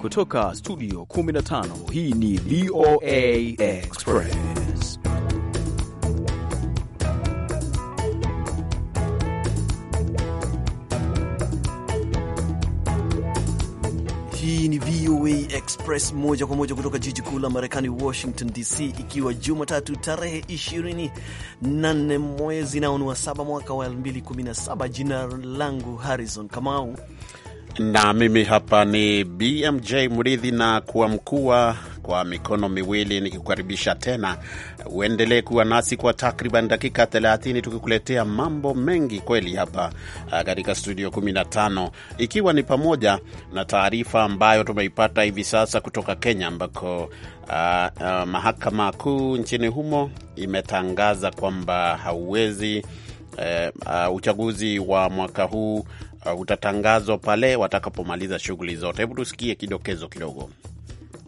Kutoka studio 15 hii ni VOA Express. Hii ni VOA Express moja kwa moja kutoka jiji kuu la Marekani, Washington DC, ikiwa Jumatatu tarehe 24 mwezi ni wa saba mwaka wa 2017. Jina langu Harrison Kamau na mimi hapa ni BMJ Mridhi na kuamkua kwa mikono miwili nikikukaribisha tena uendelee kuwa nasi kwa takriban dakika 30 tukikuletea mambo mengi kweli hapa ah, katika studio 15 ikiwa ni pamoja na taarifa ambayo tumeipata hivi sasa kutoka Kenya ambako Uh, uh, mahakama kuu nchini humo imetangaza kwamba hauwezi eh, uh, uchaguzi wa mwaka huu uh, utatangazwa pale watakapomaliza shughuli zote. Hebu tusikie kidokezo kidogo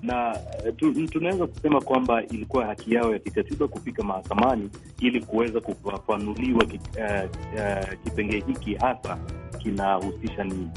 na eh, tu, tunaweza kusema kwamba ilikuwa haki yao ya kikatiba kufika mahakamani ili kuweza kufafanuliwa eh, eh, kipengee uh, uh, hiki hasa kinahusisha nini.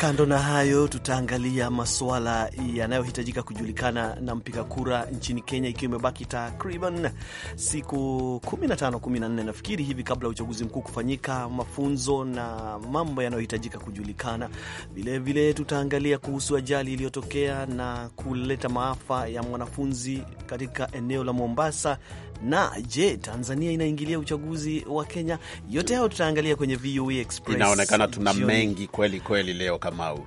Kando na hayo, tutaangalia masuala yanayohitajika kujulikana na mpiga kura nchini Kenya, ikiwa imebaki takriban siku 15 14, nafikiri hivi, kabla ya uchaguzi mkuu kufanyika, mafunzo na mambo yanayohitajika kujulikana. Vilevile tutaangalia kuhusu ajali iliyotokea na kuleta maafa ya mwanafunzi katika eneo la Mombasa na je, Tanzania inaingilia uchaguzi wa Kenya? Yote hayo tutaangalia kwenye VOA e Express. Inaonekana tuna Jioni. mengi kweli kweli leo Kamau,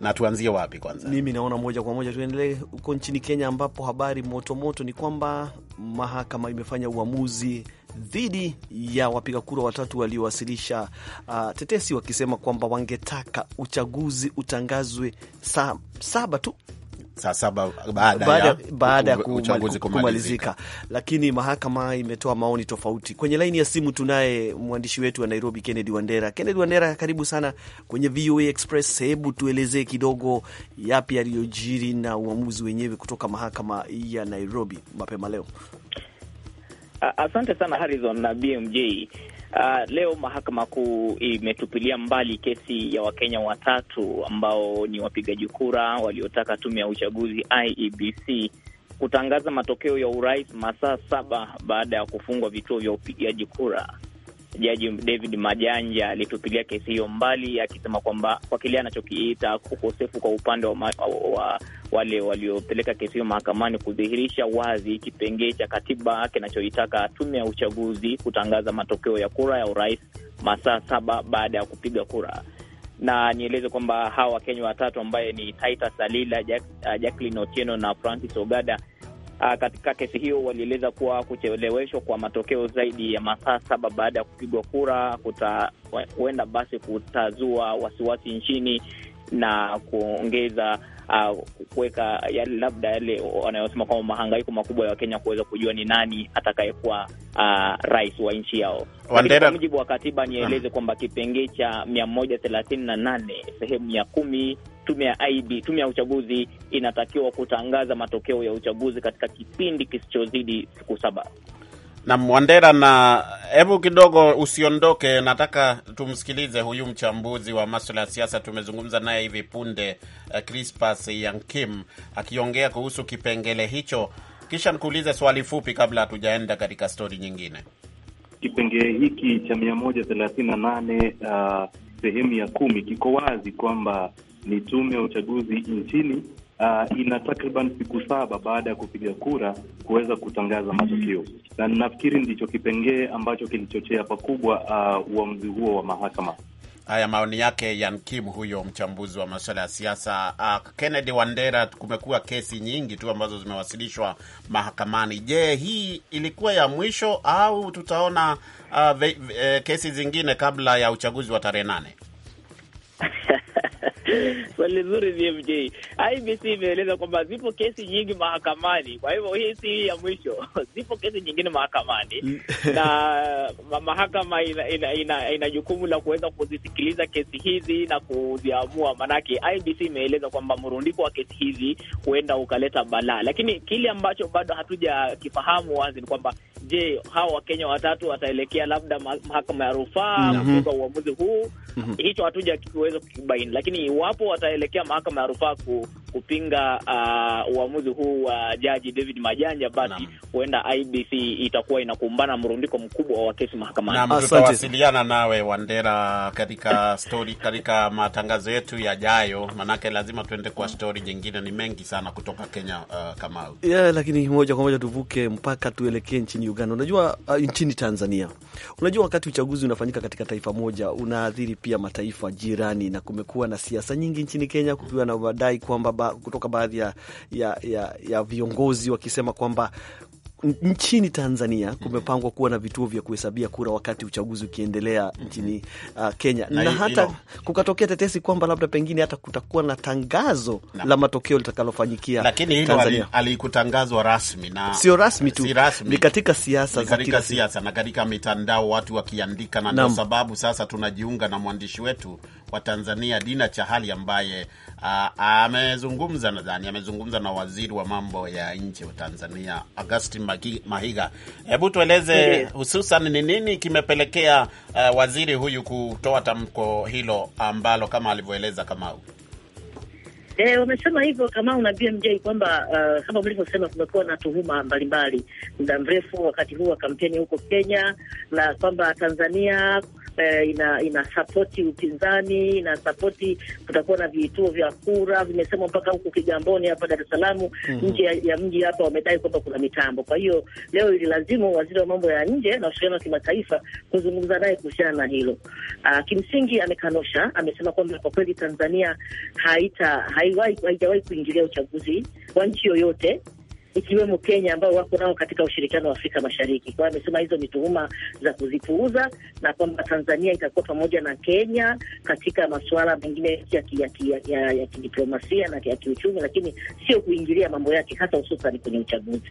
na tuanzie wapi kwanza? Mimi naona moja kwa moja tuendelee huko nchini Kenya, ambapo habari motomoto moto ni kwamba mahakama imefanya uamuzi dhidi ya wapiga kura watatu waliowasilisha uh, tetesi wakisema kwamba wangetaka uchaguzi utangazwe saa saba tu saa saba baada, ya ya uchaguzi kumalizika, lakini mahakama imetoa maoni tofauti. Kwenye laini ya simu tunaye mwandishi wetu wa Nairobi Kennedy Wandera. Kennedy Wandera, karibu sana kwenye VOA Express. Hebu tuelezee kidogo yapi yaliyojiri na uamuzi wenyewe kutoka mahakama ya Nairobi mapema leo. Asante sana Harrison na BMJ. Uh, leo mahakama kuu imetupilia mbali kesi ya Wakenya watatu ambao ni wapigaji kura waliotaka tume ya uchaguzi IEBC kutangaza matokeo ya urais masaa saba baada ya kufungwa vituo vya upigaji kura. Jaji David Majanja alitupilia kesi hiyo mbali, akisema kwamba kwa kile anachokiita ukosefu kwa upande wa, wa wale waliopeleka kesi hiyo mahakamani kudhihirisha wazi kipengee cha katiba kinachoitaka tume ya uchaguzi kutangaza matokeo ya kura ya urais masaa saba baada ya kupiga kura na nieleze kwamba hawa Wakenya watatu ambaye ni Titus Alila, Jack, Jacqueline Otieno na Francis Ogada Uh, katika kesi hiyo walieleza kuwa kucheleweshwa kwa matokeo zaidi ya masaa saba baada ya kupigwa kura huenda basi kutazua wasiwasi nchini na kuongeza uh, kuweka labda yale wanayosema kwamba mahangaiko makubwa ya Wakenya kuweza kujua ni nani atakayekuwa uh, rais wa nchi yao. Kwa mujibu wa katiba, nieleze kwamba kipengee cha mia moja thelathini na nane sehemu ya kumi tume ya IB, tume ya uchaguzi inatakiwa kutangaza matokeo ya uchaguzi katika kipindi kisichozidi siku saba. Nam Wandera, na hebu kidogo usiondoke, nataka tumsikilize huyu mchambuzi wa maswala ya siasa, tumezungumza naye hivi punde, eh, Crispas Yankim akiongea kuhusu kipengele hicho, kisha nikuulize swali fupi kabla hatujaenda katika stori nyingine. Kipengele hiki cha mia moja thelathini na nane ah, sehemu ya kumi kiko wazi kwamba ni tume ya uchaguzi nchini Uh, ina takriban siku saba baada ya kupiga kura kuweza kutangaza matokeo, na nafikiri ndicho kipengee ambacho kilichochea pakubwa uh, uamuzi huo wa mahakama. Haya, maoni yake Yan Kim, huyo mchambuzi wa masuala ya siasa. Uh, Kennedy Wandera, kumekuwa kesi nyingi tu ambazo zimewasilishwa mahakamani. Je, hii ilikuwa ya mwisho au tutaona uh, ve, ve, eh, kesi zingine kabla ya uchaguzi wa tarehe nane? Swali zuri BMJ. IBC imeeleza kwamba zipo kesi nyingi mahakamani, kwa hivyo hii si ya mwisho. Zipo kesi nyingine mahakamani mm. na mahakama ina, ina, ina, ina jukumu la kuweza kuzisikiliza kesi hizi na kuziamua. Maanake IBC imeeleza kwamba mrundiko wa kesi hizi huenda ukaleta balaa, lakini kile ambacho bado hatujakifahamu wazi ni kwamba je, hawa Wakenya watatu wataelekea labda mahakama ya rufaa mhm. kupinga mm -hmm. uamuzi huu mm -hmm. Hicho hatuja kiweza kukibaini, lakini iwapo wataelekea mahakama ya rufaa ku kupinga uh, uamuzi huu wa uh, jaji David Majanja, basi huenda IBC itakuwa inakumbana mrundiko mkubwa wa kesi mahakamani. Tutawasiliana nawe Wandera katika story, katika matangazo yetu yajayo, manake lazima tuende kwa story nyingine. Ni mengi sana kutoka Kenya uh, kama yeah, lakini moja kwa moja tuvuke mpaka tuelekee nchini Uganda. Unajua uh, nchini Tanzania, unajua wakati uchaguzi unafanyika katika taifa moja unaathiri pia mataifa jirani, na kumekuwa na siasa nyingi nchini Kenya kukiwa na madai kwamba kutoka baadhi ya, ya, ya, ya viongozi wakisema kwamba nchini Tanzania kumepangwa kuwa na vituo vya kuhesabia kura wakati uchaguzi ukiendelea nchini uh, Kenya na, na hata ilo, kukatokea tetesi kwamba labda pengine hata kutakuwa na tangazo na, la matokeo litakalofanyikia lakini hilo alikutangazwa rasmi na sio rasmi tu, si rasmi, ni katika siasa za katika siasa na katika mitandao watu wakiandika, na ndio sababu sasa tunajiunga na mwandishi wetu wa Tanzania Dina Chahali ambaye uh, amezungumza nadhani amezungumza na waziri wa mambo ya nje wa Tanzania Augustine Mahiga, hebu tueleze hususan ni nini kimepelekea uh, waziri huyu kutoa tamko hilo ambalo kama alivyoeleza Kamau. E, wamesema hivyo kama una BMJ kwamba uh, kama mlivyosema, kumekuwa na tuhuma mbalimbali muda mrefu wakati huu wa kampeni huko Kenya, na kwamba Tanzania eh, ina, sapoti upinzani, ina sapoti kutakuwa na vituo vya kura, vimesema mpaka huku Kigamboni hapa Dar es Salaam mm -hmm. nje ya, ya mji hapa wamedai kwamba kuna mitambo. Kwa hiyo leo ililazimu waziri wa mambo ya nje na ushirikiano wa kimataifa kuzungumza naye kuhusiana na hilo. Uh, kimsingi amekanusha, amesema kwamba kwa kweli Tanzania haita haijawahi kuingilia uchaguzi wa nchi yoyote ikiwemo Kenya ambao wako nao katika ushirikiano wa Afrika Mashariki. Kwa hiyo amesema hizo ni tuhuma za kuzipuuza na kwamba Tanzania itakuwa pamoja na Kenya katika masuala mengine ya kidiplomasia na ya kiuchumi, lakini sio kuingilia mambo yake hasa hususan kwenye uchaguzi.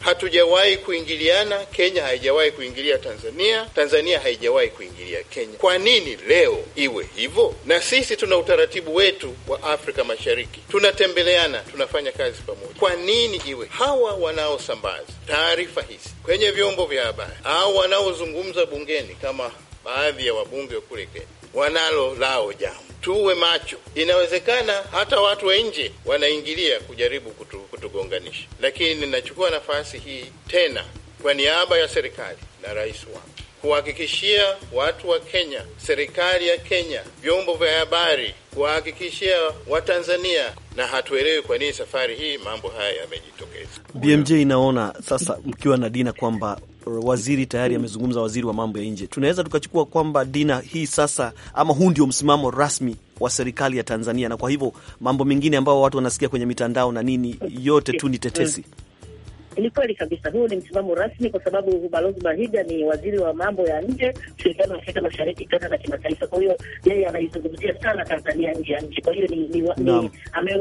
Hatujawahi kuingiliana, Kenya haijawahi kuingilia Tanzania, Tanzania haijawahi kuingilia Kenya. Kwa nini leo iwe hivyo? Na sisi tuna utaratibu wetu wa Afrika Mashariki, tunatembeleana, tunafanya kazi pamoja. Kwa nini iwe hawa wanaosambaza taarifa hizi kwenye vyombo vya habari au wanaozungumza bungeni kama baadhi ya wabunge kule Kenya wanalo lao jambo tuwe macho. Inawezekana hata watu wa nje wanaingilia kujaribu kutu, kutugonganisha, lakini ninachukua nafasi hii tena kwa niaba ya serikali na rais wangu kuhakikishia watu wa Kenya, serikali ya Kenya, vyombo vya habari, kuwahakikishia Watanzania, na hatuelewi kwa nini safari hii mambo haya yamejitokeza. BMJ, inaona sasa mkiwa na Dina kwamba waziri tayari amezungumza, waziri wa mambo ya nje. Tunaweza tukachukua kwamba Dina, hii sasa ama huu ndio msimamo rasmi wa serikali ya Tanzania, na kwa hivyo mambo mengine ambayo watu wanasikia kwenye mitandao na nini, yote tu ni tetesi. Ni kweli kabisa, huu ni msimamo rasmi, kwa sababu Balozi Mahiga ni waziri wa mambo ya nje, ushirikiano wa Afrika Mashariki, kanda na kimataifa. Kwa hiyo yeye anaizungumzia sana Tanzania nje ya nchi. Kwa hiyo ni, ni, no. ni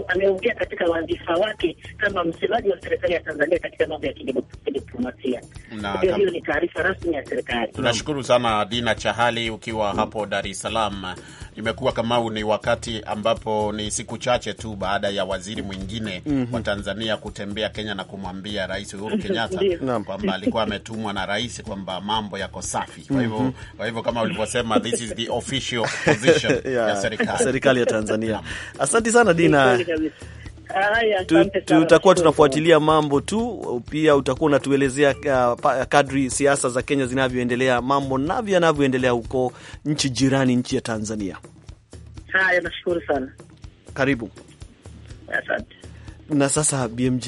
ameongea katika wadhifa wake kama msemaji wa serikali ya Tanzania katika mambo ya kidiplomasia. Hiyo hiyo ni taarifa rasmi ya serikali. Tunashukuru sana Dina Chahali ukiwa hapo Dar es Salaam. Imekuwa kama ni wakati ambapo ni siku chache tu baada ya waziri mwingine mm -hmm. wa mhm. Tanzania kutembea Kenya na kumwambia rais Rais Uhuru Kenyatta kwamba alikuwa ametumwa na rais kwamba mambo yako safi. Kwa hivyo mhm. kwa hivyo kama ulivyosema, this is the official position yeah, ya serikali serikali ya Tanzania. Asante sana Dina. Tutakuwa tunafuatilia mambo tu, pia utakuwa unatuelezea uh, kadri siasa za Kenya zinavyoendelea, mambo navyo yanavyoendelea huko nchi jirani, nchi ya Tanzania. Haya, nashukuru sana, karibu. Asante. Na sasa BMJ,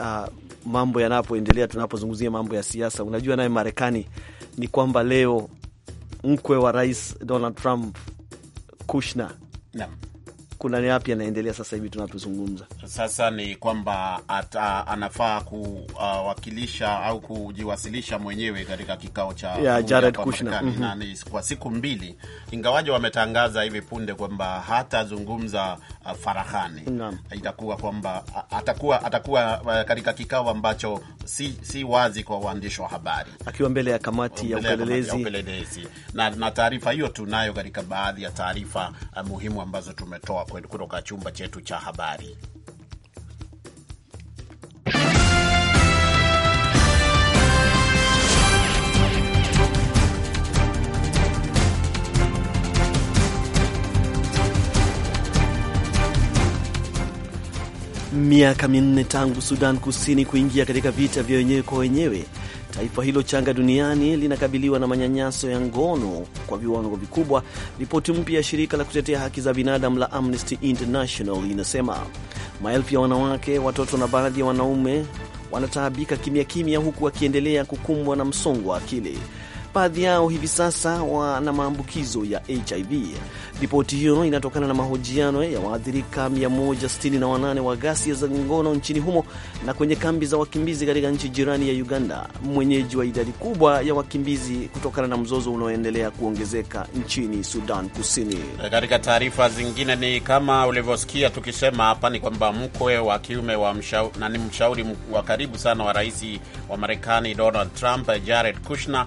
uh, mambo yanapoendelea, tunapozungumzia mambo ya siasa, unajua naye Marekani ni kwamba leo mkwe wa rais Donald Trump Kushner kuna yapi yanaendelea sasa hivi tunapozungumza? Sasa ni kwamba ata, anafaa kuwakilisha uh, au kujiwasilisha mwenyewe katika kikao cha yeah, Jared Kushner mm -hmm. kwa siku mbili, ingawaje wametangaza hivi punde kwamba hatazungumza uh, farahani. Itakuwa kwamba atakuwa atakuwa uh, katika kikao ambacho si, si wazi kwa waandishi wa habari, akiwa mbele ya kamati ya upelelezi. Na, na taarifa hiyo tunayo katika baadhi ya taarifa eh, muhimu ambazo tumetoa kutoka chumba chetu cha habari. Miaka minne tangu Sudan Kusini kuingia katika vita vya wenyewe kwa wenyewe, taifa hilo changa duniani linakabiliwa na manyanyaso ya ngono kwa viwango vikubwa. Ripoti mpya ya shirika la kutetea haki za binadamu la Amnesty International inasema maelfu ya wanawake, watoto na baadhi ya wanaume wanataabika kimya kimya, huku wakiendelea kukumbwa na msongo wa akili. Baadhi yao hivi sasa wana maambukizo ya HIV. Ripoti hiyo inatokana na mahojiano ya waathirika 168 wa ghasia za ngono nchini humo na kwenye kambi za wakimbizi katika nchi jirani ya Uganda, mwenyeji wa idadi kubwa ya wakimbizi kutokana na mzozo unaoendelea kuongezeka nchini Sudan Kusini. Katika taarifa zingine, ni kama ulivyosikia tukisema hapa, ni kwamba mkwe wa kiume wa mshau, na ni mshauri wa karibu sana wa rais wa Marekani Donald Trump, Jared Kushner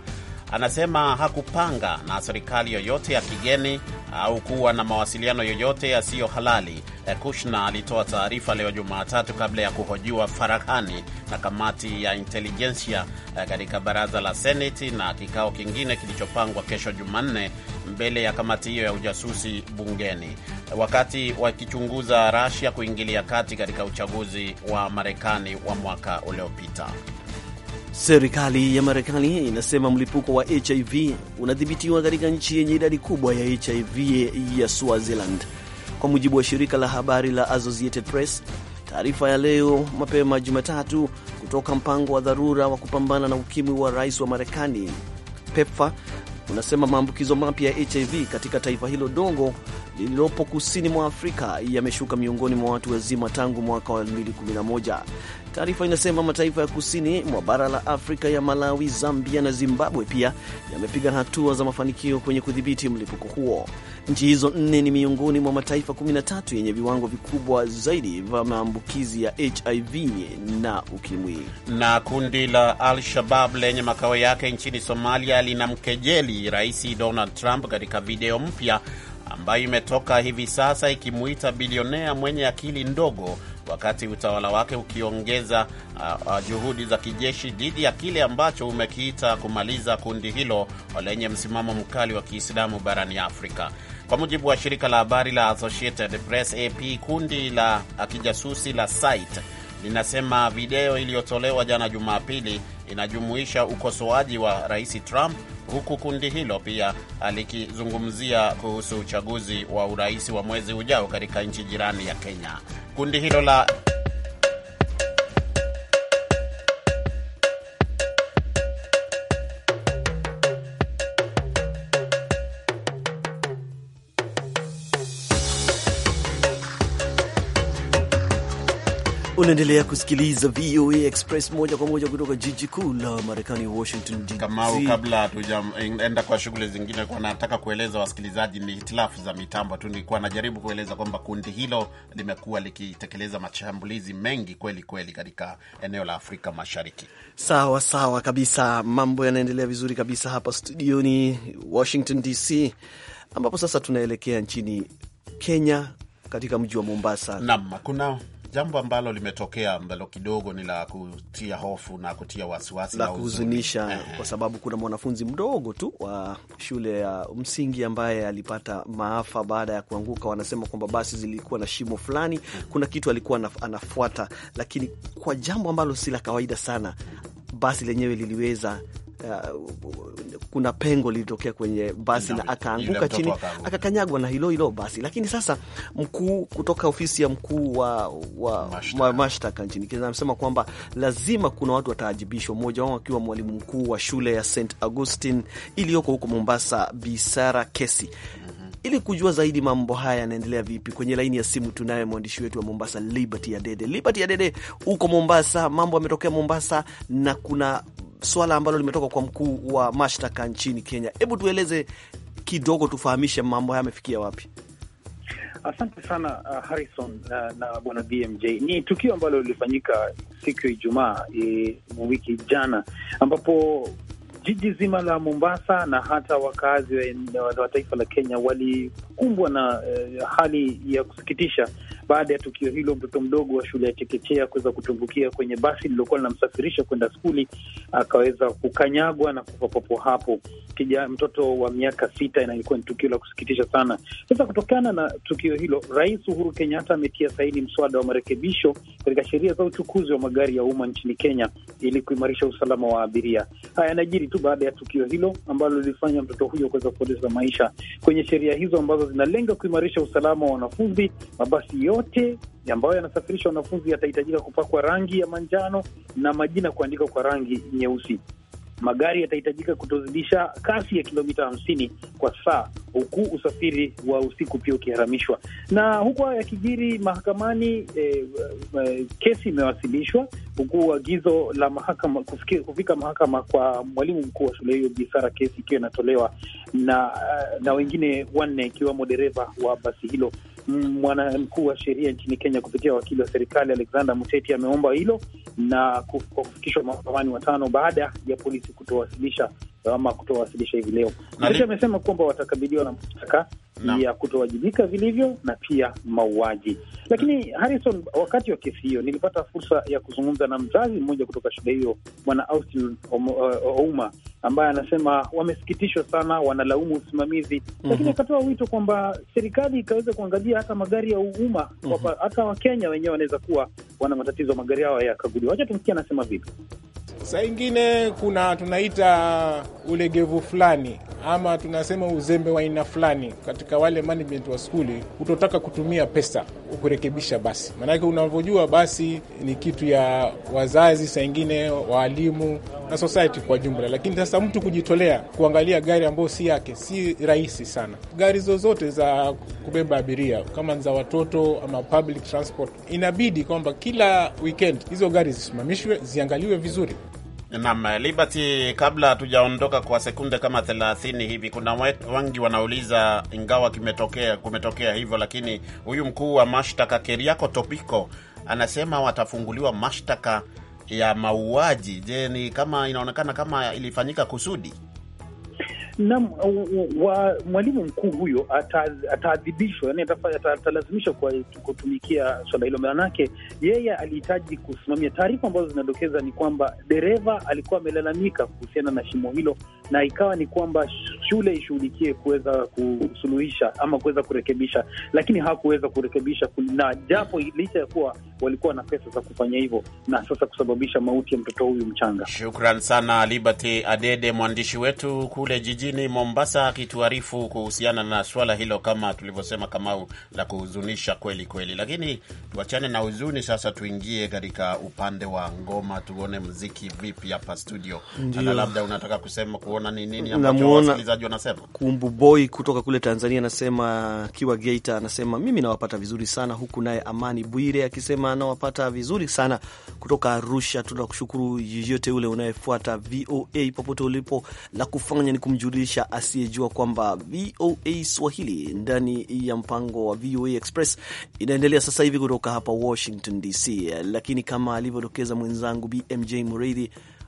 anasema hakupanga na serikali yoyote ya kigeni au kuwa na mawasiliano yoyote yasiyo halali. Eh, Kushna alitoa taarifa leo Jumatatu kabla ya kuhojiwa faraghani na kamati ya intelijensia eh, katika baraza la Seneti na kikao kingine kilichopangwa kesho Jumanne mbele ya kamati hiyo ya ujasusi bungeni, wakati wakichunguza rasia kuingilia kati katika uchaguzi wa Marekani wa mwaka uliopita. Serikali ya Marekani inasema mlipuko wa HIV unadhibitiwa katika nchi yenye idadi kubwa ya HIV ya Swaziland, kwa mujibu wa shirika la habari la Associated Press. Taarifa ya leo mapema Jumatatu kutoka mpango wa dharura wa kupambana na ukimwi wa rais wa Marekani, pepfa unasema maambukizo mapya ya HIV katika taifa hilo dogo lililopo kusini mwa Afrika yameshuka miongoni mwa watu wazima tangu mwaka wa 2011. Taarifa inasema mataifa ya kusini mwa bara la Afrika ya Malawi, Zambia na Zimbabwe pia yamepiga hatua za mafanikio kwenye kudhibiti mlipuko huo. Nchi hizo nne ni miongoni mwa mataifa 13 yenye viwango vikubwa zaidi vya maambukizi ya HIV na ukimwi. Na kundi la Al-Shabab lenye makao yake nchini Somalia linamkejeli Rais Donald Trump katika video mpya ambayo imetoka hivi sasa ikimuita bilionea mwenye akili ndogo, wakati utawala wake ukiongeza uh, uh, juhudi za kijeshi dhidi ya kile ambacho umekiita kumaliza kundi hilo lenye msimamo mkali wa Kiislamu barani Afrika. Kwa mujibu wa shirika la habari la Associated Press AP, kundi la uh, kijasusi la SITE linasema video iliyotolewa jana Jumapili inajumuisha ukosoaji wa Rais Trump huku kundi hilo pia likizungumzia kuhusu uchaguzi wa urais wa mwezi ujao katika nchi jirani ya Kenya. Kundi hilo la Unaendelea kusikiliza VOA Express moja kwa moja kutoka jiji kuu la Marekani, Washington DC. Kamau, kabla hatujaenda kwa shughuli zingine, kwa nataka kueleza wasikilizaji, ni hitilafu za mitambo tu. Nilikuwa najaribu kueleza kwamba kundi hilo limekuwa likitekeleza mashambulizi mengi kweli kweli katika eneo la Afrika Mashariki. Sawa sawa kabisa, mambo yanaendelea vizuri kabisa hapa studioni Washington DC, ambapo sasa tunaelekea nchini Kenya katika mji wa Mombasa. Naam, kuna jambo ambalo limetokea ambalo kidogo ni la kutia hofu na kutia wasiwasi la kuhuzunisha, eh, eh. kwa sababu kuna mwanafunzi mdogo tu wa shule ya msingi ambaye alipata maafa baada ya kuanguka. Wanasema kwamba basi zilikuwa na shimo fulani, kuna kitu alikuwa anafuata, lakini kwa jambo ambalo si la kawaida sana, basi lenyewe liliweza uh, kuna pengo lilitokea kwenye basi na akaanguka chini akakanyagwa na hilo hilo basi. Lakini sasa mkuu kutoka ofisi ya mkuu wa, wa mashtaka, mashtaka nchini Kenya amesema kwamba lazima kuna watu wataajibishwa, mmoja wao akiwa mwalimu mkuu wa shule ya St Augustine iliyoko huko Mombasa, Bisara Kesi. Mhm. Ili kujua zaidi mambo haya yanaendelea vipi, kwenye laini ya simu tunaye mwandishi wetu wa Mombasa, Liberty ya Dede. Liberty ya Dede, Mombasa, mambo yametokea Mombasa na kuna swala ambalo limetoka kwa mkuu wa mashtaka nchini Kenya. Hebu tueleze kidogo, tufahamishe mambo haya yamefikia wapi? Asante sana uh, Harrison uh, na bwana BMJ. Ni tukio ambalo lilifanyika siku ya Ijumaa e, wiki jana, ambapo jiji zima la Mombasa na hata wakazi wa taifa la Kenya walikumbwa na uh, hali ya kusikitisha baada ya tukio hilo, mtoto mdogo wa shule ya chekechea kuweza kutumbukia kwenye basi lililokuwa linamsafirisha kwenda skuli, akaweza kukanyagwa na kufa papo hapo. Kija mtoto wa miaka sita, na ilikuwa ni tukio la kusikitisha sana. Sasa kutokana na tukio hilo, Rais Uhuru Kenyatta ametia saini mswada wa marekebisho katika sheria za uchukuzi wa magari ya umma nchini Kenya ili kuimarisha usalama wa abiria. Haya yanajiri tu baada ya tukio hilo ambalo lilifanya mtoto huyo kuweza kupoteza maisha. Kwenye sheria hizo ambazo zinalenga kuimarisha usalama wa wanafunzi, mabasi yote ambayo yanasafirisha wanafunzi yatahitajika kupakwa rangi ya manjano na majina kuandikwa kwa rangi nyeusi. Magari yatahitajika kutozidisha kasi ya kilomita hamsini kwa saa, huku usafiri wa usiku pia ukiharamishwa. Na huku hayo yakijiri, mahakamani eh, eh, kesi imewasilishwa huku agizo la mahakama kufike, kufika mahakama kwa mwalimu mkuu wa shule hiyo Bisara, kesi ikiwa inatolewa na, eh, na wengine wanne ikiwemo dereva wa basi hilo mwana mkuu wa sheria nchini Kenya kupitia wakili wa serikali Alexander Muteti ameomba hilo na kufikishwa mahakamani watano baada ya polisi kutowasilisha ama kutowasilisha hivi leo. Mrisho amesema kwamba watakabiliwa na mashtaka no. ya kutowajibika vilivyo na pia mauaji. Lakini Harrison, wakati wa kesi hiyo nilipata fursa ya kuzungumza na mzazi mmoja kutoka shule hiyo, Bwana Austin eh, Ouma, ambaye anasema wamesikitishwa sana, wanalaumu usimamizi mm -hmm. Lakini akatoa wito kwamba serikali ikaweza kuangalia hata magari ya umma mm -hmm. hata Wakenya wenyewe wanaweza kuwa wana matatizo, magari yao yakaguliwa. Wacha tumsikia anasema vipi. Saa ingine kuna tunaita ulegevu fulani ama tunasema uzembe wa aina fulani katika wale management wa skuli, hutotaka kutumia pesa ukurekebisha basi. Maanake unavyojua basi ni kitu ya wazazi, saa ingine waalimu na society kwa jumla. Lakini sasa mtu kujitolea kuangalia gari ambayo si yake si rahisi sana. Gari zozote za kubeba abiria kama za watoto ama public transport, inabidi kwamba kila weekend hizo gari zisimamishwe, ziangaliwe vizuri. Naam, Liberty, kabla hatujaondoka kwa sekunde kama 30 hivi, kuna wengi wanauliza, ingawa kimetokea kumetokea hivyo, lakini huyu mkuu wa mashtaka Keriako Topiko anasema watafunguliwa mashtaka ya mauaji. Je, ni kama inaonekana kama ilifanyika kusudi? na wa, mwalimu mkuu huyo ataadhibishwa, yani atalazimishwa kutumikia swala hilo. Maanake yeye alihitaji kusimamia. Taarifa ambazo zinadokeza ni kwamba dereva alikuwa amelalamika kuhusiana na shimo hilo na ikawa ni kwamba shule ishughulikie kuweza kusuluhisha ama kuweza kurekebisha, lakini hawakuweza kurekebisha, na japo licha ya kuwa walikuwa na pesa za kufanya hivyo, na sasa kusababisha mauti ya mtoto huyu mchanga. Shukran sana Liberty Adede, mwandishi wetu kule jijini Mombasa, akituarifu kuhusiana na swala hilo, kama tulivyosema, Kamau, la kuhuzunisha kweli kweli. Lakini tuachane na huzuni sasa, tuingie katika upande wa ngoma, tuone mziki vipi hapa studio. Labda unataka kusema kuhu ni nini ambacho wasikilizaji wanasema? Kumbu Boy kutoka kule Tanzania anasema, akiwa Geita anasema mimi nawapata vizuri sana huku. Naye Amani Bwire akisema anawapata vizuri sana kutoka Arusha. Tunakushukuru yeyote ule unayefuata VOA popote ulipo, la kufanya ni kumjulisha asiyejua kwamba VOA Swahili ndani ya mpango wa VOA Express inaendelea sasa hivi kutoka hapa Washington DC, lakini kama alivyodokeza mwenzangu BMJ Mureithi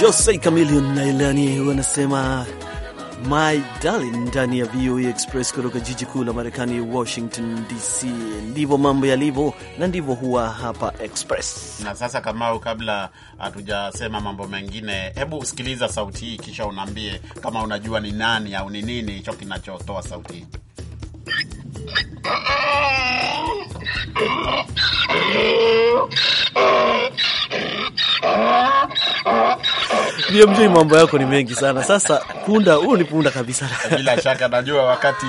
Jose Camilion na Ilani wanasema my darling ndani ya VOA e Express kutoka jiji kuu la Marekani, Washington DC. Ndivyo mambo yalivyo na ndivyo huwa hapa Express. Na sasa, Kamau, kabla hatujasema mambo mengine, hebu usikiliza sauti hii, kisha unaambie kama unajua ni nani au ni nini hicho kinachotoa sauti hii. BMJ, mambo yako ni mengi sana sasa. Punda huu ni punda kabisa, bila shaka. Najua wakati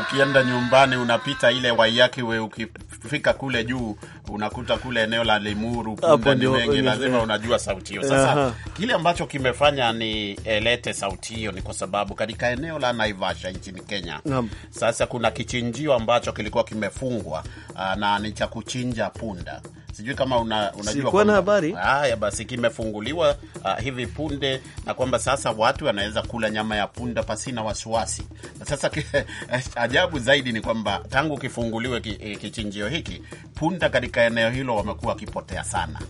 ukienda nyumbani unapita ile Waiyaki we, ukifika kule juu unakuta kule eneo la Limuru punda ni wengi, lazima unajua sauti hiyo. Sasa kile ambacho kimefanya ni elete sauti hiyo ni kwa sababu katika eneo la Naivasha nchini Kenya sasa kuna kichinjio ambacho kilikuwa kimefungwa ah, na ni cha kuchinja punda sijui kama una, unajua kuna habari haya, basi kimefunguliwa uh, hivi punde na kwamba sasa watu wanaweza kula nyama ya punda pasina wasiwasi. Sasa ajabu zaidi ni kwamba tangu kifunguliwe eh, kichinjio hiki, punda katika eneo hilo wamekuwa wakipotea sana.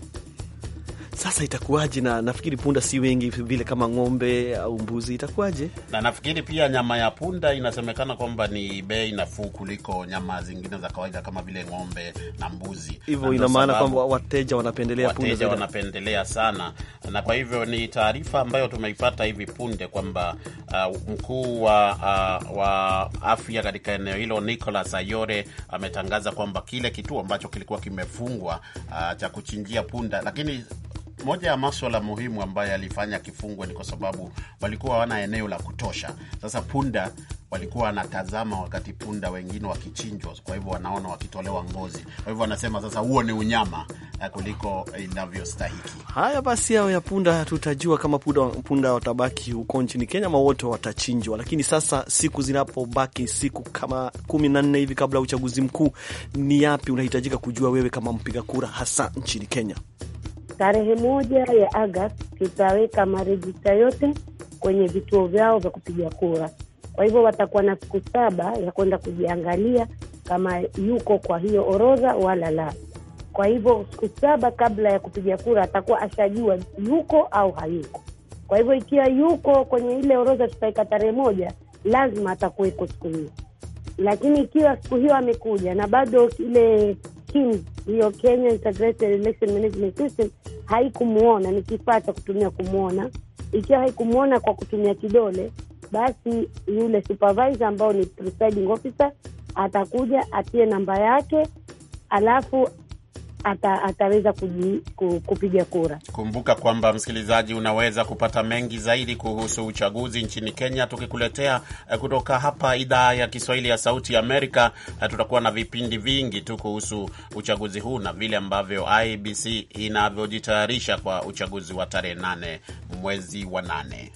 Sasa itakuwaje? Na nafikiri punda si wengi vile kama ng'ombe au mbuzi, itakuwaje? Na nafikiri pia nyama ya punda inasemekana kwamba ni bei nafuu kuliko nyama zingine za kawaida kama vile ng'ombe na mbuzi, hivyo ina maana kwamba wateja wanapendelea punda, wateja wanapendelea sana. Na kwa hivyo ni taarifa ambayo tumeipata hivi punde kwamba uh, mkuu wa, uh, wa afya katika eneo hilo Nicolas Ayore ametangaza kwamba kile kituo ambacho kilikuwa kimefungwa uh, cha kuchinjia punda lakini moja ya maswala muhimu ambayo yalifanya kifungwe ni kwa sababu walikuwa hawana eneo la kutosha. Sasa punda walikuwa wanatazama wakati punda wengine wakichinjwa, kwa hivyo wanaona wakitolewa ngozi, kwa hivyo wanasema sasa huo ni unyama eh, kuliko inavyostahiki. Haya basi, hao ya punda tutajua kama punda, punda watabaki huko nchini Kenya ama wote watachinjwa. Lakini sasa siku zinapobaki siku kama kumi na nne hivi kabla ya uchaguzi mkuu, ni yapi unahitajika kujua wewe kama mpiga kura, hasa nchini Kenya? tarehe moja ya Agosti tutaweka marejista yote kwenye vituo vyao vya kupiga kura. Kwa hivyo watakuwa na siku saba ya kwenda kujiangalia kama yuko kwa hiyo orodha wala la. Kwa hivyo siku saba kabla ya kupiga kura atakuwa ashajua yuko au hayuko. Kwa hivyo ikiwa yuko kwenye ile orodha tutaweka tarehe moja, lazima atakuweko siku hiyo. Lakini ikiwa siku hiyo amekuja na bado ile hiyo Kenya Integrated Election Management System haikumwona ni kifaa cha kutumia kumwona. Ikiwa haikumwona kwa kutumia kidole, basi yule supervisor ambao ni presiding officer atakuja atie namba yake, alafu ata, ataweza kuji, kupiga kura. Kumbuka kwamba msikilizaji, unaweza kupata mengi zaidi kuhusu uchaguzi nchini Kenya tukikuletea eh, kutoka hapa idhaa ya Kiswahili ya Sauti Amerika. Eh, tutakuwa na vipindi vingi tu kuhusu uchaguzi huu na vile ambavyo IBC inavyojitayarisha kwa uchaguzi wa tarehe nane mwezi wa nane.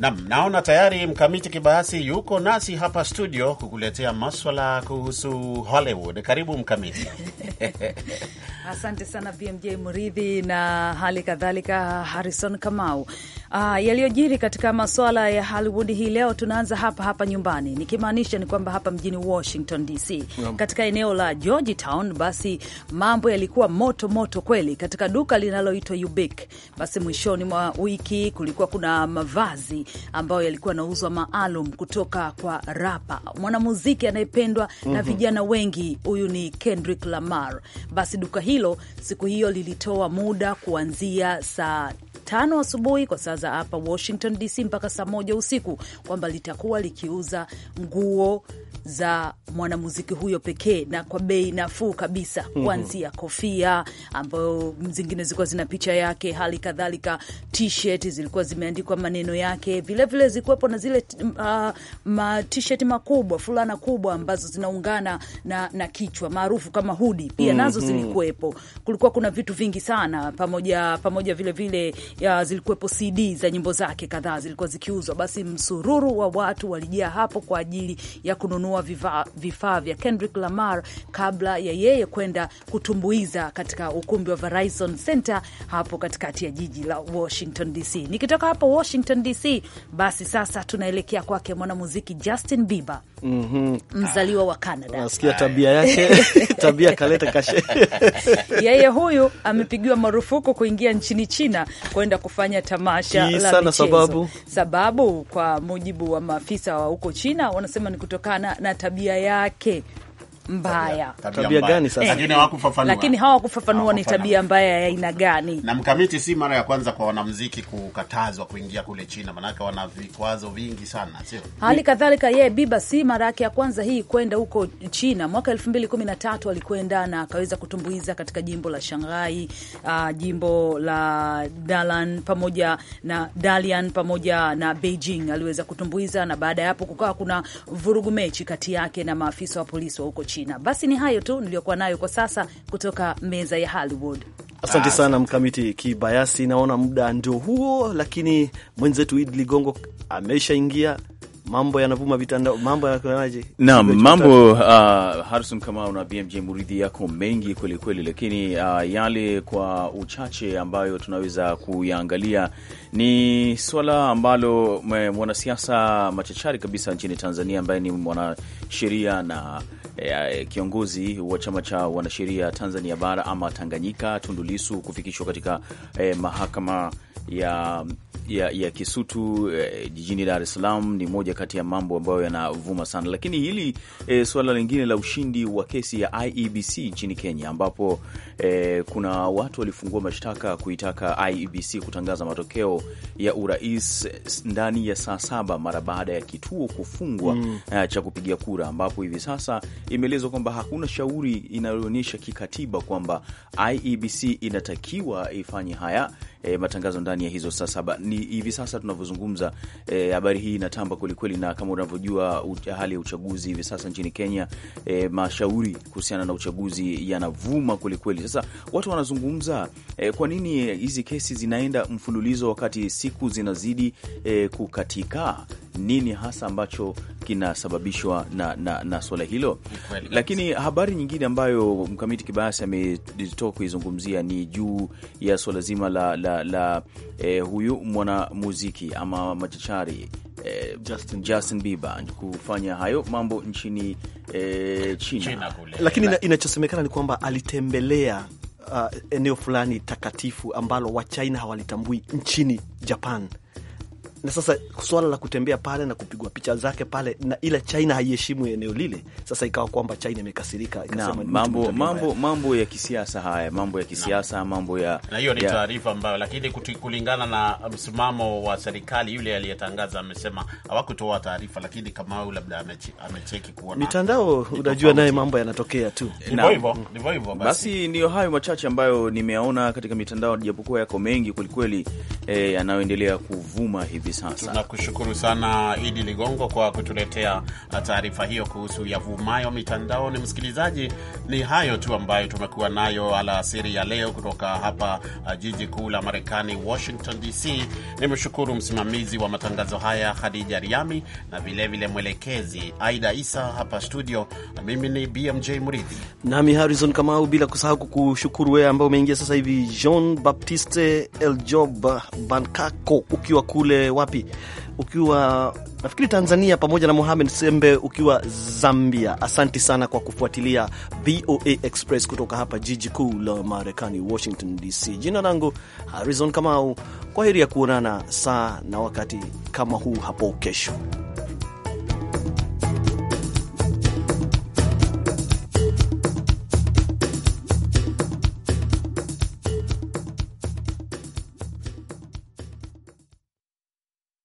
Nam, naona tayari Mkamiti Kibayasi yuko nasi hapa studio kukuletea maswala kuhusu Hollywood. Karibu Mkamiti. Asante sana BMJ Mridhi na hali kadhalika Harrison Kamau. Uh, yaliyojiri katika masuala ya Hollywood hii leo, tunaanza hapa hapa nyumbani, nikimaanisha ni kwamba hapa mjini Washington DC, katika eneo la Georgetown, basi mambo yalikuwa moto moto kweli katika duka linaloitwa Ubik. Basi mwishoni mwa wiki kulikuwa kuna mavazi ambayo yalikuwa yanauzwa maalum kutoka kwa rapa mwanamuziki anayependwa mm -hmm. na mhm. vijana wengi, huyu ni Kendrick Lamar Bar. Basi duka hilo siku hiyo lilitoa muda kuanzia saa tano asubuhi kwa saa za hapa Washington DC mpaka saa moja usiku kwamba litakuwa likiuza nguo za mwanamuziki huyo pekee na kwa bei nafuu kabisa, mhm. kuanzia kofia ambayo zingine zilikuwa zina picha yake, hali kadhalika t-shirt zilikuwa zimeandikwa maneno yake, vilevile zikuwepo na zile uh, ma t-shirt makubwa, fulana kubwa ambazo zinaungana na, na kichwa maarufu kama hoodie pia nazo mhm. zilikuwepo. Kulikuwa kuna vitu vingi sana pamoja pamoja vilevile vile, zilikuwepo CD za nyimbo zake kadhaa zilikuwa zikiuzwa. Basi msururu wa watu walijia hapo kwa ajili ya kununua vifaa vya Kendrick Lamar kabla ya yeye kwenda kutumbuiza katika ukumbi wa Verizon Center hapo katikati ya jiji la Washington DC. Nikitoka hapo Washington DC, basi sasa tunaelekea kwake mwanamuziki Justin Bieber mm -hmm. mzaliwa wa Canada. Nasikia tabia yake tabia kaleta Yeye huyu amepigiwa marufuku kuingia nchini China kwenda kufanya tamasha Kii la michezo. Sababu, sababu kwa mujibu wa maafisa wa huko China wanasema ni kutokana na tabia yake mbaya. Tabia, tabia gani sasa? Eh, lakini hawakufafanua, lakini hawakufafanua ni tabia mbaya ya aina gani. Na mkamiti, si mara ya kwanza kwa wanamuziki kukatazwa kuingia kule China, maanake wana vikwazo vingi sana, sio? Hali kadhalika yeye Biba, si mara yake ya kwanza hii kwenda huko China. Mwaka 2013 alikwenda na akaweza kutumbuiza katika jimbo la Shanghai, uh, jimbo la Dalian pamoja na Dalian pamoja na Beijing aliweza kutumbuiza, na baada ya hapo kukawa kuna vurugu mechi kati yake na maafisa wa polisi wa huko China. Basi ni hayo tu niliyokuwa nayo kwa sasa kutoka meza ya Hollywood. Asante sana Mkamiti Kibayasi. Naona muda ndio huo, lakini mwenzetu Idi Ligongo ameshaingia mambo yanavuma vitandao, mambo yanakonaje? Naam, mambo uh, Harrison Kamau na BMJ Muridhi yako mengi kweli kweli, lakini uh, yale kwa uchache ambayo tunaweza kuyaangalia ni swala ambalo mwanasiasa machachari kabisa nchini Tanzania ambaye ni mwanasheria na Eh, kiongozi wa chama cha wanasheria Tanzania bara ama Tanganyika Tundulisu kufikishwa katika eh, mahakama ya ya, ya Kisutu eh, jijini Dar es Salaam ni moja kati ya mambo ambayo yanavuma sana, lakini hili eh, suala lingine la ushindi wa kesi ya IEBC nchini Kenya ambapo eh, kuna watu walifungua mashtaka kuitaka IEBC kutangaza matokeo ya urais ndani ya saa saba mara baada ya kituo kufungwa mm, eh, cha kupigia kura, ambapo hivi sasa imeelezwa kwamba hakuna shauri inayoonyesha kikatiba kwamba IEBC inatakiwa ifanye haya e, matangazo ndani ya hizo saa saba. Ni hivi sasa tunavyozungumza, eh, habari e, hii inatamba kwelikweli, na kama unavyojua hali ya uchaguzi hivi sasa nchini Kenya, e, mashauri kuhusiana na uchaguzi yanavuma kwelikweli. Sasa watu wanazungumza e, kwa nini hizi kesi zinaenda mfululizo wakati siku zinazidi e, kukatika? Nini hasa ambacho kinasababishwa na, na, na swala hilo? Lakini habari nyingine ambayo mkamiti kibayasi ametoka kuizungumzia ni juu ya swala zima la, la kanda la eh, huyu mwanamuziki ama machachari eh, Justin, Justin Bieber kufanya hayo mambo nchini eh, China, China lakini like, inachosemekana ni kwamba alitembelea uh, eneo fulani takatifu ambalo china hawalitambui nchini Japan na sasa swala la kutembea pale na kupigwa picha zake pale na, ila China haiheshimu eneo lile. Sasa ikawa kwamba China imekasirika ikasema mambo mambo mambo ya kisiasa haya, mambo ya kisiasa na, mambo ya na hiyo ni taarifa ambayo, lakini kulingana na msimamo wa serikali, yule aliyetangaza amesema hawakutoa taarifa, lakini kama labda amecheki kuona mitandao, unajua naye mambo yanatokea tu hivyo hivyo. Basi ndiyo hayo machache ambayo nimeyaona katika mitandao, japokuwa yako mengi kwelikweli, eh, yanayoendelea kuvuma hivi hivi sasa. Tunakushukuru sana Idi Ligongo kwa kutuletea uh, taarifa hiyo kuhusu yavumayo mitandaoni. Msikilizaji, ni hayo tu ambayo tumekuwa nayo alasiri ya leo kutoka hapa uh, jiji kuu la Marekani, Washington DC. Nimshukuru msimamizi wa matangazo haya Khadija Riami na vilevile mwelekezi Aida Isa hapa studio. Uh, mimi ni BMJ Mridhi nami Harrison Kamau, bila kusahau kukushukuru wewe ambao umeingia sasa hivi, Jean Baptiste Eljob Bankako ukiwa kule wapi, ukiwa nafikiri Tanzania, pamoja na Mohamed Sembe ukiwa Zambia. Asanti sana kwa kufuatilia VOA Express kutoka hapa jiji kuu la Marekani, Washington DC. Jina langu Harrison Kamau, kwa heri ya kuonana saa na wakati kama huu hapo kesho.